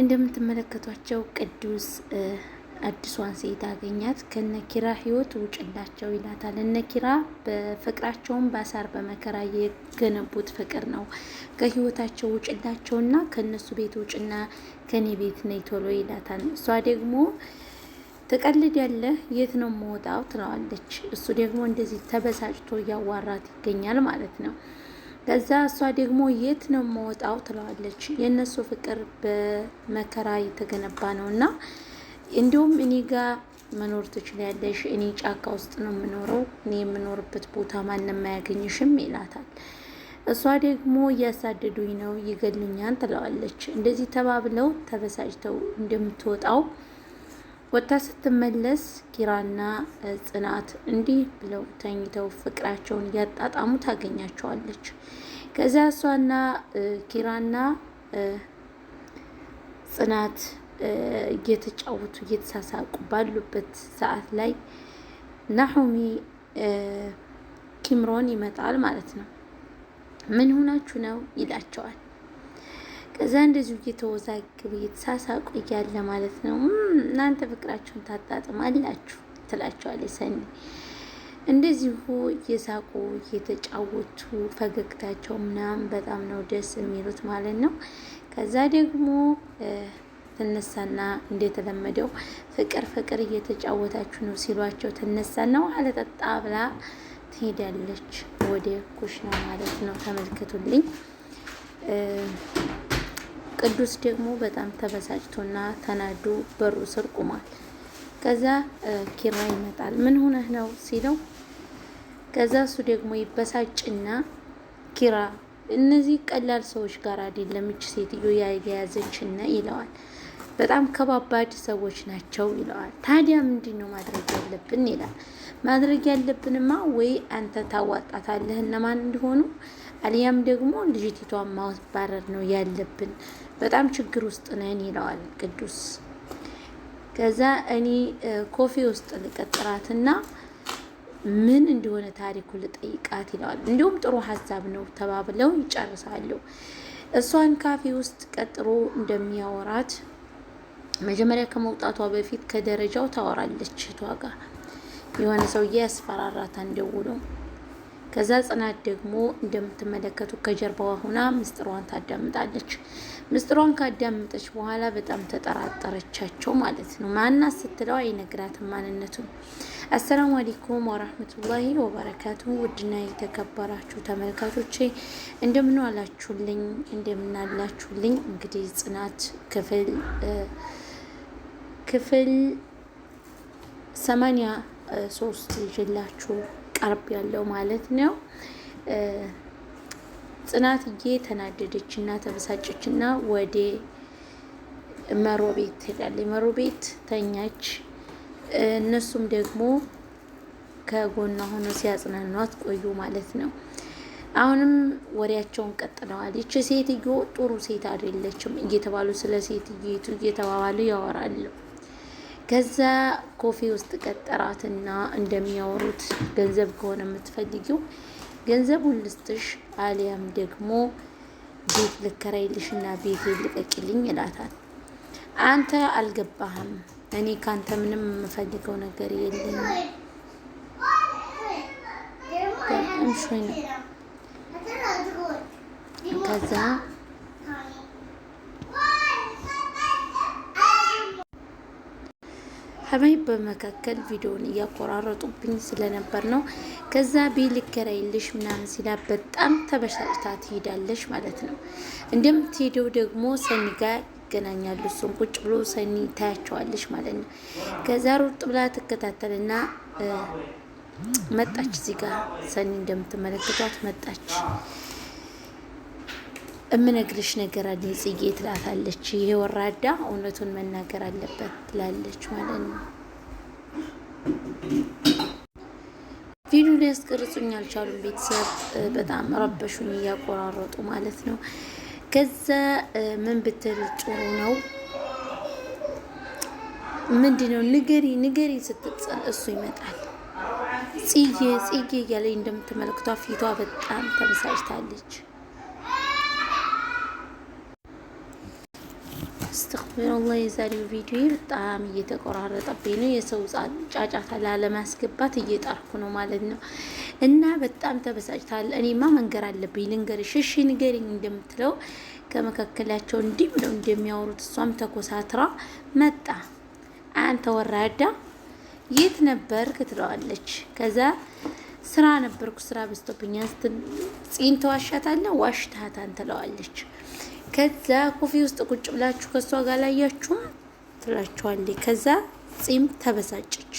እንደምትመለከቷቸው ቅዱስ አዲሷን ሴት አገኛት። ከነኪራ ህይወት ውጭላቸው ይላታል። እነኪራ በፍቅራቸውን በአሳር በመከራ የገነቡት ፍቅር ነው። ከህይወታቸው ውጭላቸውና ከእነሱ ቤት ውጭና ከኔ ቤት ነይ ቶሎ ይላታል። እሷ ደግሞ ትቀልድ ያለ የት ነው መወጣው ትለዋለች። እሱ ደግሞ እንደዚህ ተበሳጭቶ እያዋራት ይገኛል ማለት ነው። ከዛ እሷ ደግሞ የት ነው የምወጣው ትለዋለች። የእነሱ ፍቅር በመከራ የተገነባ ነው እና እንዲሁም እኔ ጋር መኖር ትችላለሽ፣ እኔ ጫካ ውስጥ ነው የምኖረው፣ እኔ የምኖርበት ቦታ ማንም አያገኝሽም ይላታል። እሷ ደግሞ እያሳደዱኝ ነው፣ ይገሉኛን ትለዋለች። እንደዚህ ተባብለው ተበሳጭተው እንደምትወጣው ወታ ስትመለስ ኪራና ጽናት እንዲህ ብለው ተኝተው ፍቅራቸውን እያጣጣሙ ታገኛቸዋለች። ከዚያ እሷና ኪራና ጽናት እየተጫወቱ እየተሳሳቁ ባሉበት ሰዓት ላይ ናሆሚ ኪምሮን ይመጣል ማለት ነው። ምን ሆናችሁ ነው ይላቸዋል። ከዛ እንደዚሁ እየተወዛግብ እየተሳሳቁ እያለ ማለት ነው እናንተ ፍቅራችሁን ታጣጥም አላችሁ ትላቸዋለች ሰኒ። እንደዚሁ እየሳቁ እየተጫወቱ ፈገግታቸው ምናምን በጣም ነው ደስ የሚሉት ማለት ነው። ከዛ ደግሞ ትነሳና እንደተለመደው ፍቅር ፍቅር እየተጫወታችሁ ነው ሲሏቸው ትነሳና ውሃ ለጠጣ ብላ ትሄዳለች ወደ ኩሽና ማለት ነው። ተመልከቱልኝ። ቅዱስ ደግሞ በጣም ተበሳጭቶና ተናዶ በሩ ስር ቁሟል። ከዛ ኪራ ይመጣል። ምን ሆነህ ነው ሲለው ከዛ እሱ ደግሞ ይበሳጭና ኪራ እነዚህ ቀላል ሰዎች ጋር አይደለም እች ሴትዮ ያያዘች ይለዋል። በጣም ከባባድ ሰዎች ናቸው ይለዋል። ታዲያ ምንድን ነው ማድረግ ያለብን ይላል። ማድረግ ያለብንማ ወይ አንተ ታዋጣታለህ እነማን እንደሆኑ አልያም ደግሞ ልጅቲቷን ማባረር ነው ያለብን። በጣም ችግር ውስጥ ነን ይለዋል ቅዱስ። ከዛ እኔ ኮፊ ውስጥ ልቀጥራትና ምን እንደሆነ ታሪኩ ልጠይቃት ይለዋል። እንዲሁም ጥሩ ሀሳብ ነው ተባብለው ይጨርሳሉ። እሷን ካፌ ውስጥ ቀጥሮ እንደሚያወራት መጀመሪያ ከመውጣቷ በፊት ከደረጃው ታወራለች እህቷ ጋር የሆነ ሰውዬ ያስፈራራታን ደውሎ ከዛ ጽናት ደግሞ እንደምትመለከቱት ከጀርባዋ ሁና ምስጢሯን ታዳምጣለች። ምስጢሯን ካዳምጠች በኋላ በጣም ተጠራጠረቻቸው ማለት ነው። ማና ስትለው አይነግራትም ማንነቱን። አሰላሙ አሌይኩም ወራህመቱላሂ ወበረካቱ። ውድና የተከበራችሁ ተመልካቾቼ እንደምን ዋላችሁልኝ? እንደምን አላችሁልኝ? እንግዲህ ጽናት ክፍል ክፍል ሰማንያ ሶስት ይዤላችሁ ቀርብ ያለው ማለት ነው። ጽናትዬ ተናደደች እና ተበሳጨች እና ወደ መሮ ቤት ትሄዳለች። መሮ ቤት ተኛች። እነሱም ደግሞ ከጎኗ ሆኖ ሲያጽናኗት ቆዩ ማለት ነው። አሁንም ወሬያቸውን ቀጥለዋል። ይች ሴትዮ ጥሩ ሴት አይደለችም እየተባሉ ስለ ሴትዮቱ እየተባባሉ ያወራሉ። ከዛ ኮፊ ውስጥ ቀጠራትና እንደሚያወሩት ገንዘብ ከሆነ የምትፈልጊው ገንዘቡን ልስጥሽ፣ አሊያም ደግሞ ቤት ልከራይልሽና ቤት ልቀቂልኝ ይላታል። አንተ አልገባህም፣ እኔ ካንተ ምንም የምፈልገው ነገር የለኝ። ከዛ ሀባይብ በመካከል ቪዲዮን እያቆራረጡብኝ ስለነበር ነው። ከዛ ቢልከራይልሽ ምናምን ሲላ በጣም ተበሳጭታ ትሄዳለች ማለት ነው። እንደምትሄደው ደግሞ ሰኒ ጋር ይገናኛሉ። እሱን ቁጭ ብሎ ሰኒ ታያቸዋለች ማለት ነው። ከዛ ሩጥ ብላ ትከታተልና መጣች። እዚህ ጋር ሰኒ እንደምትመለከቷት መጣች። እምነግርሽ ነገር አለ ጽጌ ትላታለች። ይሄ ወራዳ እውነቱን መናገር አለበት ትላለች ማለት ነው። ቪዲዮ ሊያስቀርጹኝ አልቻሉም። ቤተሰብ በጣም ረበሹኝ እያቆራረጡ ማለት ነው። ከዛ ምን ብትል ጥሩ ነው ምንድን ነው ንገሪ ንገሪ ስትል እሱ ይመጣል። ጽጌ ጽጌ እያለኝ እንደምትመለክቷ ፊቷ በጣም ተመሳጭታለች። ወላ የዛሬው ቪዲዮ በጣም እየተቆራረጠብኝ ነው። የሰው ጫጫታ ላለማስገባት እየጣርኩ ነው ማለት ነው። እና በጣም ተበሳጭታል። እኔማ መንገር አለብኝ ልንገርሽ፣ እሺ ንገሪኝ እንደምትለው ከመካከላቸው እንዲህ ብለው እንደሚያወሩት እሷም ተኮሳትራ መጣ። አንተ ወራዳ የት ነበርክ ትለዋለች። ከዛ ስራ ነበርኩ ስራ በዝቶብኛል ስትል ጺን ተዋሻታለ ዋሽታታን ትለዋለች። ከዛ ኮፊ ውስጥ ቁጭ ብላችሁ ከእሷ ጋር ላያችሁም ትላችኋለች። ከዛ ጺም ተበሳጨች።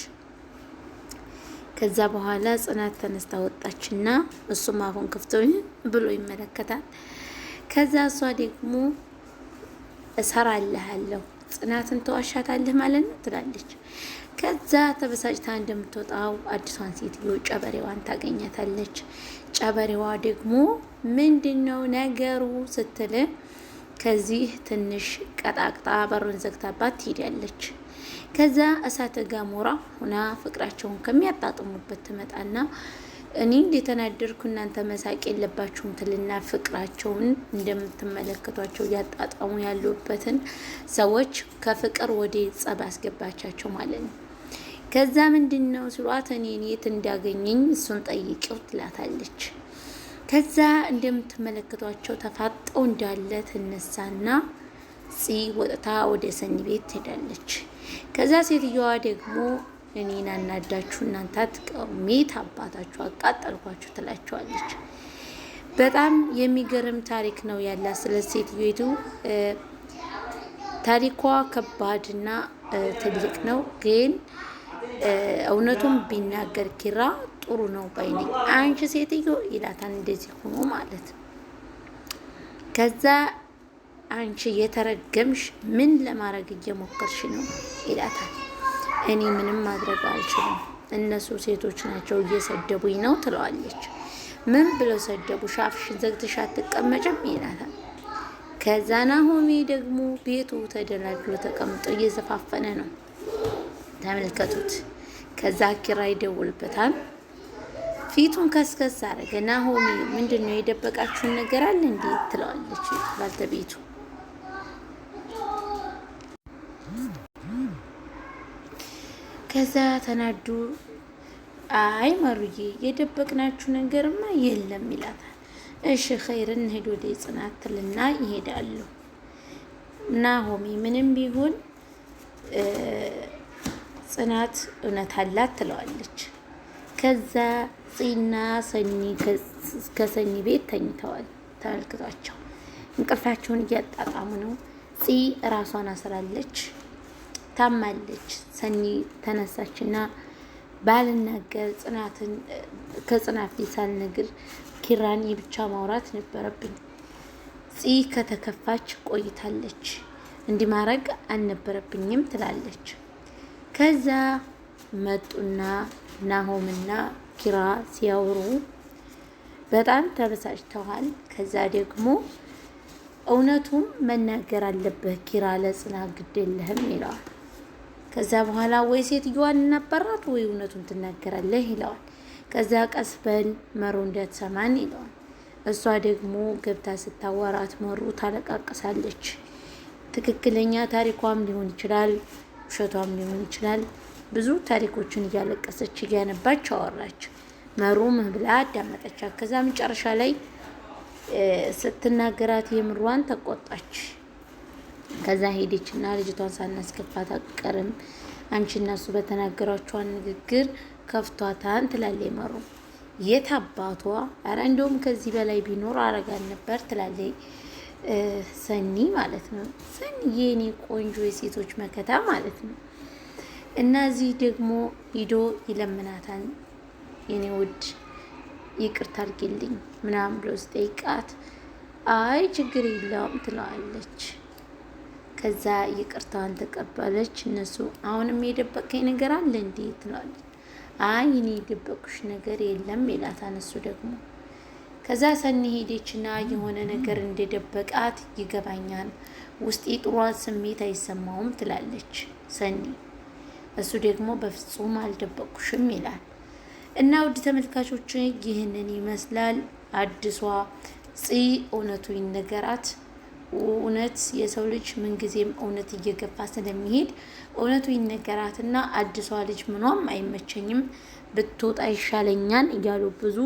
ከዛ በኋላ ጽናት ተነስታ ወጣችና እሱም አፉን ክፍቶኝ ብሎ ይመለከታል። ከዛ እሷ ደግሞ እሰራልሃለሁ ጽናትን ተዋሻታለህ ማለት ነው ትላለች። ከዛ ተበሳጭታ እንደምትወጣው አዲሷን ሴትዮ ጨበሬዋን ታገኛታለች። ጨበሬዋ ደግሞ ምንድን ነው ነገሩ ስትል ከዚህ ትንሽ ቀጣቅጣ በሩን ዘግታባት ትሄዳለች። ከዛ እሳተ ገሞራ ሁና ፍቅራቸውን ከሚያጣጥሙበት ትመጣና እኔ እንደተናደርኩ እናንተ መሳቅ የለባችሁም ትልና ፍቅራቸውን እንደምትመለከቷቸው እያጣጣሙ ያሉበትን ሰዎች ከፍቅር ወደ ጸብ አስገባቻቸው ማለት ነው። ከዛ ምንድን ነው ስሏት እኔን የት እንዳገኘኝ እሱን ጠይቂው ትላታለች። ከዛ እንደምትመለከቷቸው ተፋጠው እንዳለ ትነሳና ፂ ወጥታ ወደ ሰኒ ቤት ትሄዳለች። ከዛ ሴትዮዋ ደግሞ እኔን አናዳችሁ እናንተ አትቀውሜ አባታችሁ አቃጠልኳችሁ ትላቸዋለች። በጣም የሚገርም ታሪክ ነው ያላ ስለ ሴትዮቱ። ታሪኳ ከባድና ትልቅ ነው፣ ግን እውነቱን ቢናገር ኪራ ጥሩ ነው ባይነኝ አንቺ ሴትዮ ይላታል። እንደዚህ ሆኖ ማለት ከዛ አንቺ የተረገምሽ ምን ለማድረግ እየሞከርሽ ነው ይላታል። እኔ ምንም ማድረግ አልችልም፣ እነሱ ሴቶች ናቸው እየሰደቡኝ ነው ትለዋለች። ምን ብለው ሰደቡ ሻፍሽን ዘግተሽ አትቀመጭም ይላታል። ከዛ ናሆሜ ደግሞ ቤቱ ተደላድሎ ተቀምጦ እየዘፋፈነ ነው። ተመልከቱት። ከዛ ኪራ ይደውልበታል። ፊቱን ከስከስ አረገ። ናሆሚ ምንድን ነው የደበቃችሁን ነገር አለ እንዴ? ትለዋለች ባልተቤቱ። ከዛ ተናዱ። አይ ማሩዬ የደበቅናችሁ ነገርማ የለም ይላታል። እሺ ኸይር እንሄድ ወደ ጽናት ትልና ይሄዳሉ። ናሆሚ ምንም ቢሆን ጽናት እውነት አላት ትለዋለች። ከዛ ጽና ሰኒ ከሰኒ ቤት ተኝተዋል። ተመልክቷቸው እንቅልፋቸውን እያጣጣሙ ነው። ፂ ራሷን አስራለች፣ ታማለች። ሰኒ ተነሳችና ባልናገር ጽናትን ከጽናት ሳልነግር ኪራን የብቻ ማውራት ነበረብኝ። ፂ ከተከፋች ቆይታለች። እንዲህ ማድረግ አልነበረብኝም ትላለች። ከዛ መጡና ናሆምና ኪራ ሲያወሩ በጣም ተበሳጭተዋል። ከዛ ደግሞ እውነቱም መናገር አለበት ኪራ ለጽና ግድ የለህም ይለዋል። ከዛ በኋላ ወይ ሴትዮዋን እናባራት ወይ እውነቱን ትናገራለህ ይለዋል። ከዛ ቀስ በል መሩ እንዳትሰማን ይለዋል። እሷ ደግሞ ገብታ ስታወራት መሩ ታለቃቅሳለች። ትክክለኛ ታሪኳም ሊሆን ይችላል፣ ውሸቷም ሊሆን ይችላል። ብዙ ታሪኮችን እያለቀሰች እያነባች አወራች። መሩም ብላ አዳመጠቻት። ከዛ መጨረሻ ላይ ስትናገራት የምሯን ተቆጣች። ከዛ ሄደች እና ልጅቷን ሳናስገባት አቀርም አንቺ እናሱ በተናገሯቸዋን ንግግር ከፍቷታን ትላለች መሩ። የት አባቷ አረ እንደውም ከዚህ በላይ ቢኖር አረጋን ነበር ትላለች ሰኒ ማለት ነው። ሰኒ የኔ ቆንጆ የሴቶች መከታ ማለት ነው። እናዚህ ደግሞ ሂዶ ይለምናታል። የኔ ውድ ይቅርታ አድርጊልኝ ምናምን ብሎ ስጠይቃት አይ ችግር የለውም ትለዋለች። ከዛ ይቅርታዋን ተቀበለች። እነሱ አሁንም የደበቀኝ ነገር አለ እንዴ ትለዋለች። አይ እኔ የደበቁሽ ነገር የለም ይላታል እሱ ደግሞ ከዛ ሰኒ ሄደችና የሆነ ነገር እንደደበቃት ይገባኛል፣ ውስጤ ጥሯን ስሜት አይሰማውም ትላለች ሰኒ እሱ ደግሞ በፍጹም አልደበቅኩሽም ይላል። እና ውድ ተመልካቾች ይህንን ይመስላል። አዲሷ ጽ እውነቱ ይነገራት። እውነት የሰው ልጅ ምንጊዜም እውነት እየገፋ ስለሚሄድ እውነቱ ይነገራት እና አዲሷ ልጅ ምኗም አይመቸኝም ብትወጣ ይሻለኛል እያሉ ብዙ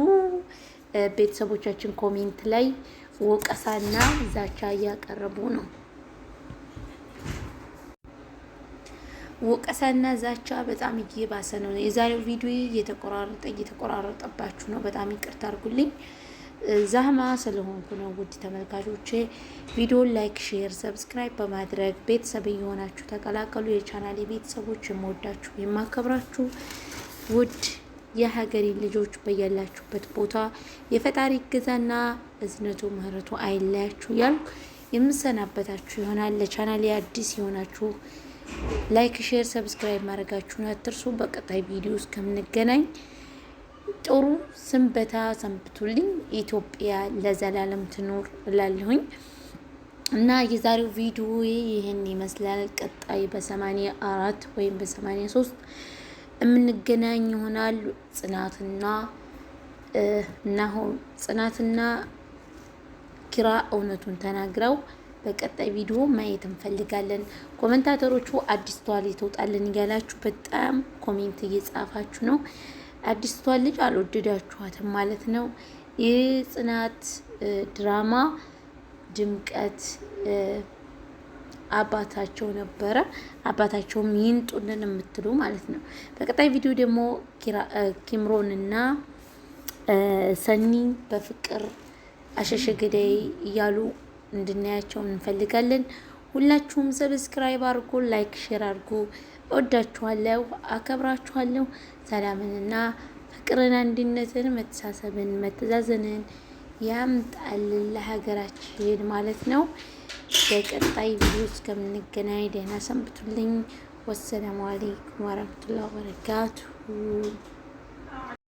ቤተሰቦቻችን ኮሜንት ላይ ወቀሳና ዛቻ እያቀረቡ ነው። ወቀሳና ዛቻ በጣም እየባሰ ነው። የዛሬው ቪዲዮ እየተቆራረጠ እየተቆራረጠባችሁ ነው። በጣም ይቅርታ አድርጉልኝ። ዛህማ ስለሆንኩ ነው። ውድ ተመልካቾቼ ቪዲዮን ላይክ፣ ሼር፣ ሰብስክራይብ በማድረግ ቤተሰብ እየሆናችሁ ተቀላቀሉ። የቻናሌ ቤተሰቦች የምወዳችሁ የማከብራችሁ ውድ የሀገሪ ልጆች በያላችሁበት ቦታ የፈጣሪ እገዛና እዝነቱ ምህረቱ አይለያችሁ እያልኩ የምሰናበታችሁ ይሆናል። ለቻናሌ አዲስ የሆናችሁ ላይክ፣ ሼር፣ ሰብስክራይብ ማድረጋችሁን አትርሱ። በቀጣይ ቪዲዮ እስከምንገናኝ ጥሩ ስንበታ ሰንብቱልኝ። ኢትዮጵያ ለዘላለም ትኖር እላለሁኝ እና የዛሬው ቪዲዮ ይህን ይመስላል። ቀጣይ በሰማንያ አራት ወይም በሰማንያ ሶስት የምንገናኝ ይሆናል። ጽናትና እናሆ ጽናትና ኪራ እውነቱን ተናግረው በቀጣይ ቪዲዮ ማየት እንፈልጋለን። ኮመንታተሮቹ አዲስ ተዋል የተውጣልን እያላችሁ በጣም ኮሜንት እየጻፋችሁ ነው። አዲስ ቷል ልጅ አልወደዳችኋትም ማለት ነው። የጽናት ድራማ ድምቀት አባታቸው ነበረ። አባታቸውም ይንጡልን የምትሉ ማለት ነው። በቀጣይ ቪዲዮ ደግሞ ኪምሮን ሰኒ በፍቅር አሸሸ ገዳይ እያሉ እንድናያቸው እንፈልጋለን። ሁላችሁም ሰብስክራይብ አድርጉ፣ ላይክ፣ ሼር አድርጉ። እወዳችኋለሁ፣ አከብራችኋለሁ። ሰላምንና ፍቅርን፣ አንድነትን፣ መተሳሰብን፣ መተዛዘንን ያምጣልን ለሀገራችን ማለት ነው። በቀጣይ ቪዲዮ እስከምንገናኝ ደህና ሰንብቱልኝ። ወሰላሙ አሌይኩም ወረህመቱላሂ ወበረካቱ።